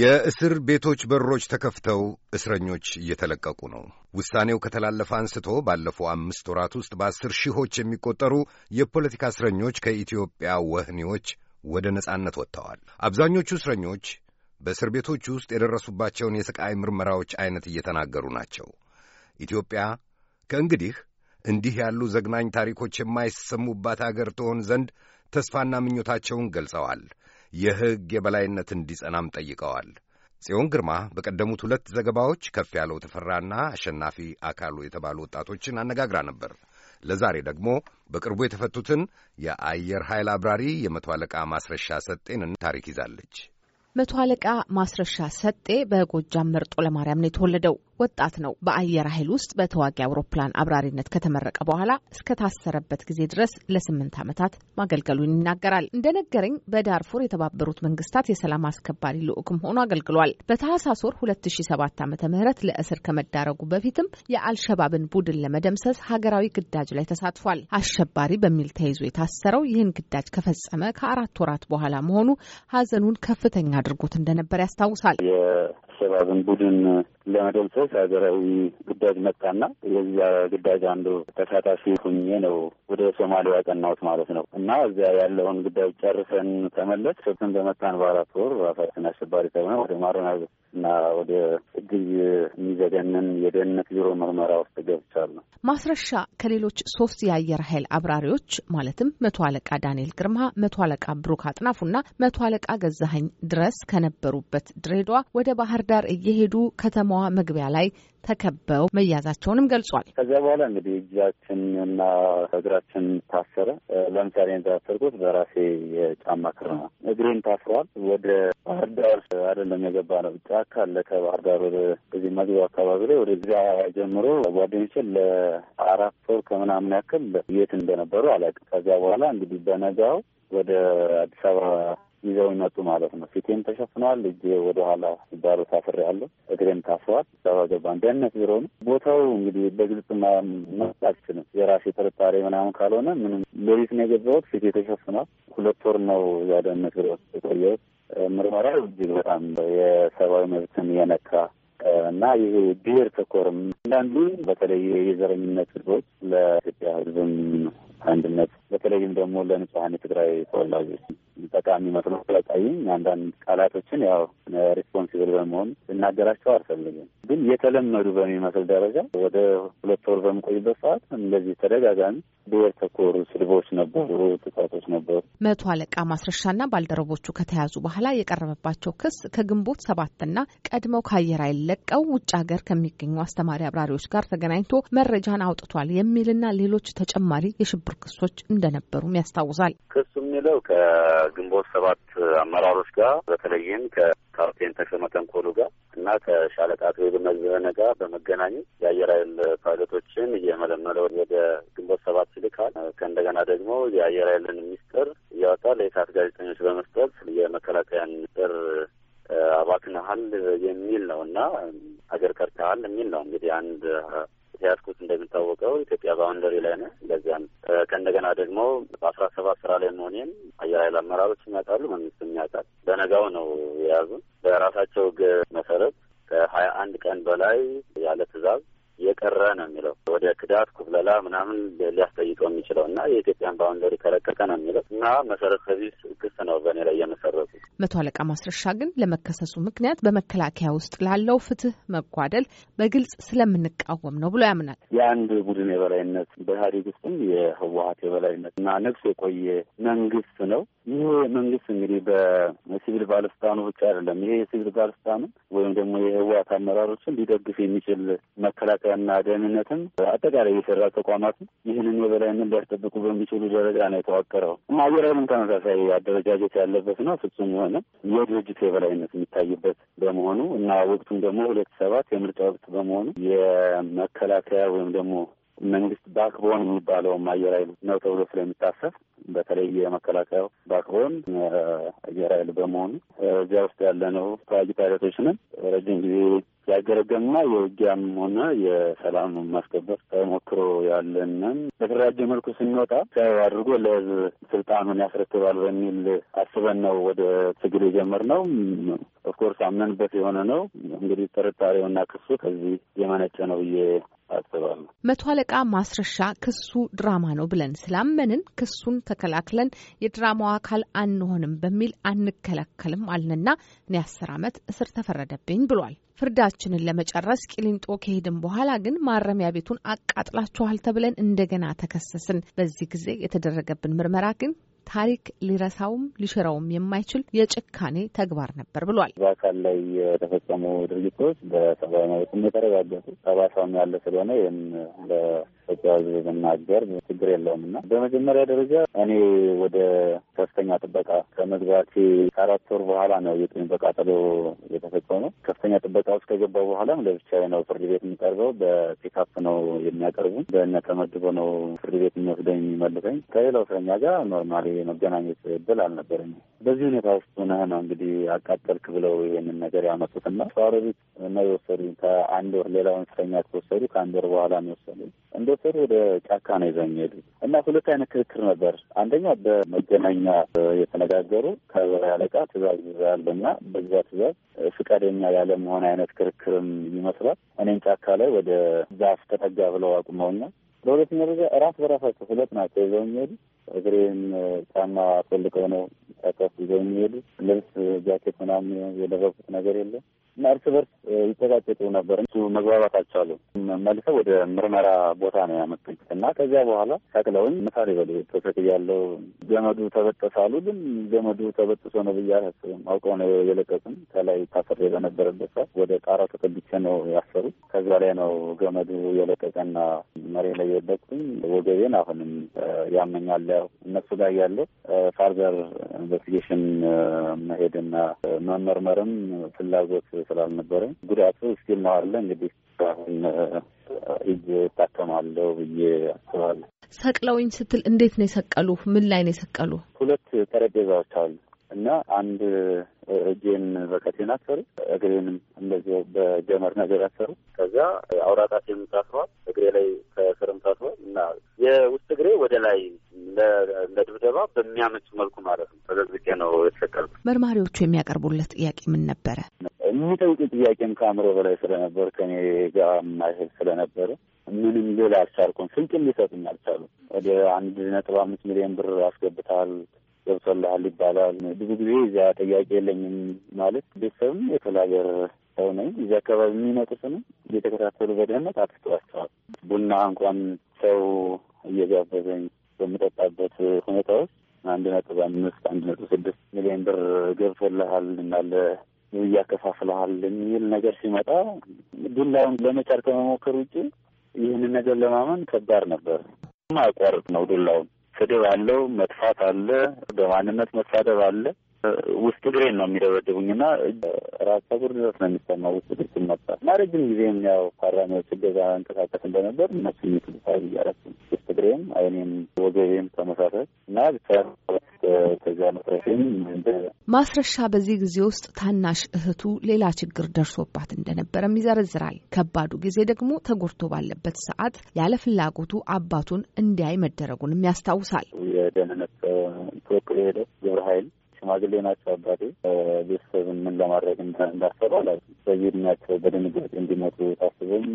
የእስር ቤቶች በሮች ተከፍተው እስረኞች እየተለቀቁ ነው። ውሳኔው ከተላለፈ አንስቶ ባለፈው አምስት ወራት ውስጥ በአስር ሺዎች የሚቆጠሩ የፖለቲካ እስረኞች ከኢትዮጵያ ወህኒዎች ወደ ነጻነት ወጥተዋል። አብዛኞቹ እስረኞች በእስር ቤቶች ውስጥ የደረሱባቸውን የሥቃይ ምርመራዎች ዐይነት እየተናገሩ ናቸው። ኢትዮጵያ ከእንግዲህ እንዲህ ያሉ ዘግናኝ ታሪኮች የማይሰሙባት አገር ትሆን ዘንድ ተስፋና ምኞታቸውን ገልጸዋል። የሕግ የበላይነት እንዲጸናም ጠይቀዋል። ጽዮን ግርማ በቀደሙት ሁለት ዘገባዎች ከፍ ያለው ተፈራና አሸናፊ አካሉ የተባሉ ወጣቶችን አነጋግራ ነበር። ለዛሬ ደግሞ በቅርቡ የተፈቱትን የአየር ኃይል አብራሪ የመቶ አለቃ ማስረሻ ሰጤን ታሪክ ይዛለች። መቶ አለቃ ማስረሻ ሰጤ በጎጃም መርጦ ለማርያም ነው የተወለደው። ወጣት ነው። በአየር ኃይል ውስጥ በተዋጊ አውሮፕላን አብራሪነት ከተመረቀ በኋላ እስከታሰረበት ጊዜ ድረስ ለስምንት ዓመታት ማገልገሉን ይናገራል። እንደነገረኝ በዳርፉር የተባበሩት መንግስታት የሰላም አስከባሪ ልዑክም ሆኖ አገልግሏል። በታህሳስ ወር 2007 ዓ ም ለእስር ከመዳረጉ በፊትም የአልሸባብን ቡድን ለመደምሰስ ሀገራዊ ግዳጅ ላይ ተሳትፏል። አሸባሪ በሚል ተይዞ የታሰረው ይህን ግዳጅ ከፈጸመ ከአራት ወራት በኋላ መሆኑ ሀዘኑን ከፍተኛ አድርጎት እንደነበር ያስታውሳል። አልሸባብን ቡድን ለመደምሰስ ሀገራዊ ግዳጅ መጣና የዚያ ግዳጅ አንዱ ተሳታፊ ሁኜ ነው ወደ ሶማሊያ ያቀናሁት ማለት ነው። እና እዚያ ያለውን ግዳጅ ጨርሰን ተመለስ ሰብትን በመጣን በአራት ወር ራሳችን አሸባሪ ተብለን ወደ ማሮና እና ወደ እጅግ የሚዘገንን የደህንነት ቢሮ ምርመራ ውስጥ ገብቻለሁ። ማስረሻ ከሌሎች ሶስት የአየር ኃይል አብራሪዎች ማለትም መቶ አለቃ ዳንኤል ግርማ፣ መቶ አለቃ ብሩክ አጥናፉና መቶ አለቃ ገዛኸኝ ድረስ ከነበሩበት ድሬዷ ወደ ባህር ዳር እየሄዱ ከተማዋ መግቢያ ላይ ተከበው መያዛቸውንም ገልጿል። ከዚያ በኋላ እንግዲህ እጃችን እና እግራችን ታሰረ። ለምሳሌ የታሰርኩት በራሴ የጫማ ክር ነው። እግሬን ታስሯል። ወደ ባህር ዳር አይደለም የገባ ነው። ጫካ አለ ከባህር ዳር ወደ እዚህ መግቢያው አካባቢ ላይ ወደዚያ ጀምሮ ጓደኞችን ለአራት ወር ከምናምን ያክል የት እንደነበሩ አላውቅም። ከዚያ በኋላ እንግዲህ በነጋው ወደ አዲስ አበባ ይዘው ይመጡ ማለት ነው። ፊቴም ተሸፍነዋል፣ እጄ ወደ ኋላ ሲባሉ ታፍሬ ታስሬያለሁ፣ እግሬም ታስሯል። ሰባ ገባን ገነት ቢሮ ነው ቦታው። እንግዲህ በግልጽ መውጣት አልችልም፣ የራሴ ጥርጣሬ ምናምን ካልሆነ ምንም። ሌሊት ነው የገባሁት፣ ፊቴ ተሸፍኗል። ሁለት ወር ነው እዛ ገነት ቢሮ የቆየሁት። ምርመራው እጅግ በጣም የሰብአዊ መብትን የነካ እና ይህ ብሔር ተኮርም አንዳንዱ በተለይ የዘረኝነት ህዝቦች ለኢትዮጵያ ህዝብም አንድነት በተለይም ደግሞ ለንጹሀን የትግራይ ተወላጆች ጠቃሚ መስሎ ስለታየኝ አንዳንድ ቃላቶችን ያው ሪስፖንሲብል በመሆን ልናገራቸው አልፈልግም። ግን የተለመዱ በሚመስል ደረጃ ወደ ሁለት ወር በምቆይበት ሰዓት እንደዚህ ተደጋጋሚ ብሔር ተኮር ስድቦች ነበሩ፣ ጥቃቶች ነበሩ። መቶ አለቃ ማስረሻና ባልደረቦቹ ከተያዙ በኋላ የቀረበባቸው ክስ ከግንቦት ሰባትና ቀድመው ከአየር ኃይል ለቀው ውጭ ሀገር ከሚገኙ አስተማሪ አብራሪዎች ጋር ተገናኝቶ መረጃን አውጥቷል የሚልና ሌሎች ተጨማሪ የሽብር ክሶች እንደነበሩም ያስታውሳል። ክሱ የሚለው ከግንቦት ሰባት አመራሮች ጋር በተለይም ከካፕቴን ተሾመ ተንኮሉ ጋር እና ከሻለቃ አክሊሉ መዝበነ ጋር በመገናኘት የአየር ኃይል ፓይለቶችን እየመለመለ ወደ ግንቦት ሰባት ይልካል። ከእንደገና ደግሞ የአየር ኃይልን ሚስጥር እያወጣ ለኢሳት ጋዜጠኞች በመስጠት የመከላከያን ሚስጥር አባክነሃል የሚል ነው እና ሀገር ከርተሃል የሚል ነው። እንግዲህ አንድ ያዝኩት እንደሚታወቀው ኢትዮጵያ ባውንደሪ ላይ ነው። ለዚያም ከእንደገና ደግሞ በአስራ ሰባት ስራ ላይ መሆኔን አየር ኃይል አመራሮች የሚያውቃሉ፣ መንግስት የሚያውቃል። በነጋው ነው የያዙን። በራሳቸው ግ መሰረት ከሀያ አንድ ቀን በላይ ያለ ትእዛዝ የቀረ ነው የሚለው ወደ ክዳት ኩብለላ ምናምን ሊያስጠይቀው የሚችለው እና የኢትዮጵያን ባውንደሪ ከለቀቀ ነው የሚለው እና መሰረተ ቢስ ክስ ነው በእኔ ላይ የመሰረቱ መቶ አለቃ ማስረሻ ግን ለመከሰሱ ምክንያት በመከላከያ ውስጥ ላለው ፍትህ መጓደል በግልጽ ስለምንቃወም ነው ብሎ ያምናል። የአንድ ቡድን የበላይነት በኢህአዴግ ውስጥም የህወሀት የበላይነት እና ነግሶ የቆየ መንግስት ነው። ይህ መንግስት እንግዲህ በሲቪል ባለስልጣኑ ብቻ አይደለም። ይሄ የሲቪል ባለስልጣኑ ወይም ደግሞ የህወሀት አመራሮችን ሊደግፍ የሚችል መከላከያና ደህንነትም አጠቃላይ የፌደራል ተቋማትም ይህንን የበላይነት ሊያስጠብቁ በሚችሉ ደረጃ ነው የተዋቀረው አየር ተመሳሳይ አደረጃጀት ያለበት ነው ፍጹም ስለሆነ የድርጅት የበላይነት የሚታይበት በመሆኑ እና ወቅቱም ደግሞ ሁለት ሰባት የምርጫ ወቅት በመሆኑ የመከላከያ ወይም ደግሞ መንግስት ባክቦን የሚባለውም አየር ኃይል ነው ተብሎ ስለሚታሰብ በተለይ የመከላከያው ባክቦን አየር ኃይል በመሆኑ እዚያ ውስጥ ያለነው ተዋጊ ፓይለቶችንም ረጅም ጊዜ ያገረገምና የውጊያም ሆነ የሰላም ማስከበር ተሞክሮ ያለንን በተደራጀ መልኩ ስንወጣ ሲያዩ አድርጎ ለህዝብ ስልጣኑን ያስረክባል በሚል አስበን ነው ወደ ትግል የጀመርነው። ኦፍኮርስ አምነንበት የሆነ ነው። እንግዲህ ጥርጣሬውና ክሱ ከዚህ የመነጨ ነው ብዬ አስባለሁ። መቶ አለቃ ማስረሻ ክሱ ድራማ ነው ብለን ስላመንን ክሱን ተከላክለን የድራማው አካል አንሆንም በሚል አንከላከልም አልንና እኔ አስር ዓመት እስር ተፈረደብኝ ብሏል። ፍርዳችንን ለመጨረስ ቂሊንጦ ከሄድን በኋላ ግን ማረሚያ ቤቱን አቃጥላችኋል ተብለን እንደገና ተከሰስን። በዚህ ጊዜ የተደረገብን ምርመራ ግን ታሪክ ሊረሳውም ሊሽረውም የማይችል የጭካኔ ተግባር ነበር ብሏል። በአካል ላይ የተፈጸሙ ድርጊቶች በሰብአዊ መብትም የተረጋገጡ ጠባሳውም ያለ ስለሆነ ይህም ለኢትዮጵያ ሕዝብ ብናገር ችግር የለውም እና በመጀመሪያ ደረጃ እኔ ወደ ከፍተኛ ጥበቃ ከመግባቴ ከአራት ወር በኋላ ነው የጥኝ በቃጠሎ የተፈጸመው። ከፍተኛ ጥበቃ ውስጥ ከገባ በኋላም ለብቻዬ ነው ፍርድ ቤት የሚቀርበው። በፒካፕ ነው የሚያቀርቡን። በእነ ተመድቦ ነው ፍርድ ቤት የሚወስደኝ የሚመልሰኝ ከሌላው እስረኛ ጋር ኖርማሊ የመገናኘት እድል አልነበረኝ። በዚህ ሁኔታ ውስጥ ሆነህ ነው እንግዲህ አቃጠልክ ብለው ይህንን ነገር ያመጡትና ሸዋሮ ቤት ነው የወሰዱኝ። ከአንድ ወር ሌላውን እስረኛ ከወሰዱ ከአንድ ወር በኋላ ነው የወሰዱ። እንደወሰዱ ወደ ጫካ ነው ይዘኝ ሄዱ እና ሁለት አይነት ክርክር ነበር። አንደኛ በመገናኛ የተነጋገሩ ከበላይ አለቃ ትእዛዝ ይዛልና በዛ ትእዛዝ ፍቃደኛ ያለ መሆን አይነት ክርክርም ይመስላል። እኔም ጫካ ላይ ወደ ዛፍ ተጠጋ ብለው አቁመውኛል። በሁለተኛ ደረጃ ራስ በራሳቸው ሁለት ናቸው ይዘው የሚሄዱ እግሬን ጫማ ፈልቀው ነው ጠቀፍ ይዘው የሚሄዱ ልብስ፣ ጃኬት ምናምን የደረጉት ነገር የለም እና እርስ በርስ ይጨቃጨቁ ነበር። እሱ መግባባት አልቻሉ። መልሰው ወደ ምርመራ ቦታ ነው ያመጡኝ እና ከዚያ በኋላ ሰቅለውኝ ምሳሌ በል ተሰቅ ያለው ገመዱ ተበጠሰ አሉ። ግን ገመዱ ተበጥሶ ነው ብዬ አላስብም። አውቀው ነው የለቀቁኝ። ከላይ ታሰሬ በነበረበት ሰዓት ወደ ጣራ ተጠግቼ ነው ያሰሩ። ከዚያ ላይ ነው ገመዱ የለቀቀና መሬ ላይ የወደቅኩኝ። ወገቤን አሁንም ያመኛል። እነሱ ጋር ያለው ፋርዘር ኢንቨስቲጌሽን uh, መሄድና uh, መመርመርም ፍላጎት ስላልነበረ ጉዳቱ እስቲል ነው አለ እንግዲህ አሁን uh, እጅ እታከማለሁ ብዬ አስባለሁ። ሰቅለውኝ ስትል እንዴት ነው የሰቀሉ? ምን ላይ ነው የሰቀሉ? ሁለት ጠረጴዛዎች አሉ እና አንድ እጄን በከቴን አሰሩ፣ እግሬንም እንደዚሁ በጀመር ነገር አሰሩ። ከዚያ አውራጣቴም ታስሯል፣ እግሬ ላይ ከስርም ታስሯል እና የውስጥ እግሬ ወደ ላይ ለድብደባ በሚያመች መልኩ ማለት ነው ተዘግዝቄ ነው የተሰቀልኩት። መርማሪዎቹ የሚያቀርቡለት ጥያቄ ምን ነበረ? የሚጠይቅ ጥያቄም ከአእምሮ በላይ ስለነበር ከኔ ጋር የማይሄድ ስለነበረ ምንም ሌላ አልቻልኩም። ስንቅም ሊሰጡኝ አልቻሉም። ወደ አንድ ነጥብ አምስት ሚሊዮን ብር አስገብተሃል ገብቶልሃል ይባላል። ብዙ ጊዜ እዚያ ጥያቄ የለኝም ማለት ቤተሰብም ሀገር ሰው ነኝ። እዚህ አካባቢ የሚመጡትንም እየተከታተሉ በደህንነት አትተዋቸዋል። ቡና እንኳን ሰው እየጋበዘኝ በምጠጣበት ሁኔታ ውስጥ አንድ ነጥብ አምስት አንድ ነጥብ ስድስት ሚሊዮን ብር ገብቶልሃል እናለ እያከፋፍለሃል የሚል ነገር ሲመጣ ዱላውን ለመቻል ከመሞከር ውጭ ይህንን ነገር ለማመን ከባድ ነበር። ማቋረጥ ነው ዱላውን። ስድብ አለው፣ መጥፋት አለ፣ በማንነት መሳደብ አለ። ውስጥ እግሬን ነው የሚደበድቡኝ እና ራስ ጸጉር ድረስ ነው የሚሰማው ውስጥ እግር ሲመጣ እና ረጅም ጊዜም ያው ታራሚዎች እገዛ እንቀሳቀስ እንደነበር እነሱ የሚትሳ እያረሱ ውስጥ እግሬም፣ አይኔም፣ ወገቤም ተመሳሳይ እና ብቻ ከዚያ መስረሴም ማስረሻ በዚህ ጊዜ ውስጥ ታናሽ እህቱ ሌላ ችግር ደርሶባት እንደነበረም ይዘረዝራል። ከባዱ ጊዜ ደግሞ ተጎድቶ ባለበት ሰዓት ያለ ፍላጎቱ አባቱን እንዲያይ መደረጉንም ያስታውሳል። የደህንነት ተወክሎ ሄደ ግብረ ኃይል ሽማግሌ ናቸው አባቴ። ቤተሰብ ምን ለማድረግ እንዳሰበ አላውቅም። በዚህ እድሜያቸው በድንጋጤ እንዲመጡ ታስቦም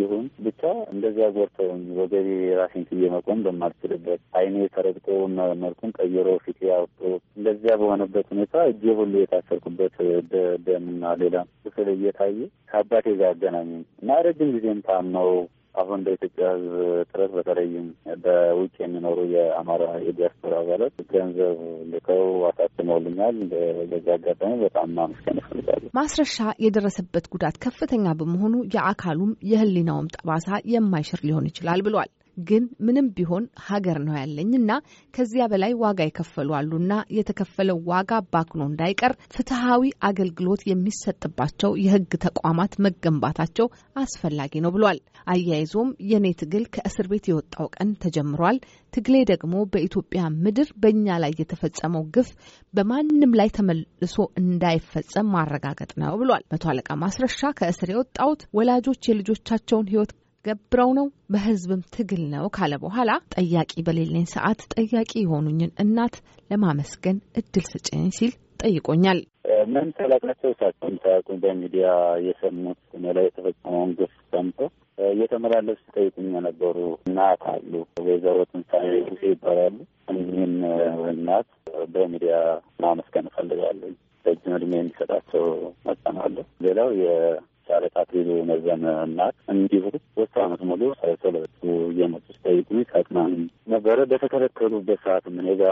ይሁን ብቻ እንደዚያ ጎርተውኝ ወገቤ ራሴን ትዬ መቆም በማልችልበት ዓይኔ ተረግጦ መልኩን ቀይሮ ፊት አውጥቶ እንደዚያ በሆነበት ሁኔታ እጄ ሁሉ የታሰርኩበት ደምና ሌላ ክፍል እየታየ ከአባቴ ጋር አገናኙኝ እና ረጅም ጊዜም ታመው አሁን በኢትዮጵያ ኢትዮጵያ ሕዝብ ጥረት በተለይም በውጭ የሚኖሩ የአማራ የዲያስፖራ አባላት ገንዘብ ልከው አሳትመውልኛል። በዚህ አጋጣሚ በጣም ማመስገን እፈልጋለሁ። ማስረሻ የደረሰበት ጉዳት ከፍተኛ በመሆኑ የአካሉም የሕሊናውም ጠባሳ የማይሽር ሊሆን ይችላል ብሏል። ግን ምንም ቢሆን ሀገር ነው ያለኝ እና ከዚያ በላይ ዋጋ የከፈሉ አሉና የተከፈለው ዋጋ ባክኖ እንዳይቀር ፍትሐዊ አገልግሎት የሚሰጥባቸው የህግ ተቋማት መገንባታቸው አስፈላጊ ነው ብሏል። አያይዞም የኔ ትግል ከእስር ቤት የወጣው ቀን ተጀምሯል። ትግሌ ደግሞ በኢትዮጵያ ምድር በእኛ ላይ የተፈጸመው ግፍ በማንም ላይ ተመልሶ እንዳይፈጸም ማረጋገጥ ነው ብሏል። መቶ አለቃ ማስረሻ ከእስር የወጣውት ወላጆች የልጆቻቸውን ህይወት ገብረው ነው በህዝብም ትግል ነው ካለ በኋላ ጠያቂ በሌለኝ ሰዓት ጠያቂ የሆኑኝን እናት ለማመስገን እድል ስጭኝ ሲል ጠይቆኛል። ምን ተላቅናቸው ሳቸውም ሳያውቁኝ በሚዲያ የሰሙት እኔ ላይ የተፈጸመውን ግፍ ሰምቶ እየተመላለሱ ሲጠይቁኝ የነበሩ እናት አሉ። ወይዘሮ ትንሳኤ ይባላሉ።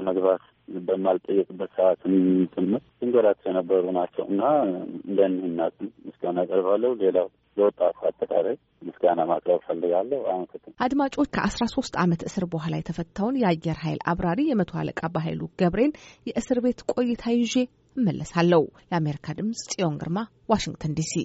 መግባት በማልጠየቅበት ሰዓትም ጭምር ስንገላት የነበሩ ናቸው እና እንደንህናትም ምስጋና ቀርባለሁ። ሌላው ለወጣቱ አጠቃላይ ምስጋና ማቅረብ ፈልጋለሁ። አመሰግናለሁ። አድማጮች ከአስራ ሶስት አመት እስር በኋላ የተፈታውን የአየር ኃይል አብራሪ የመቶ አለቃ በኃይሉ ገብሬን የእስር ቤት ቆይታ ይዤ እመለሳለሁ። ለአሜሪካ ድምጽ ጽዮን ግርማ ዋሽንግተን ዲሲ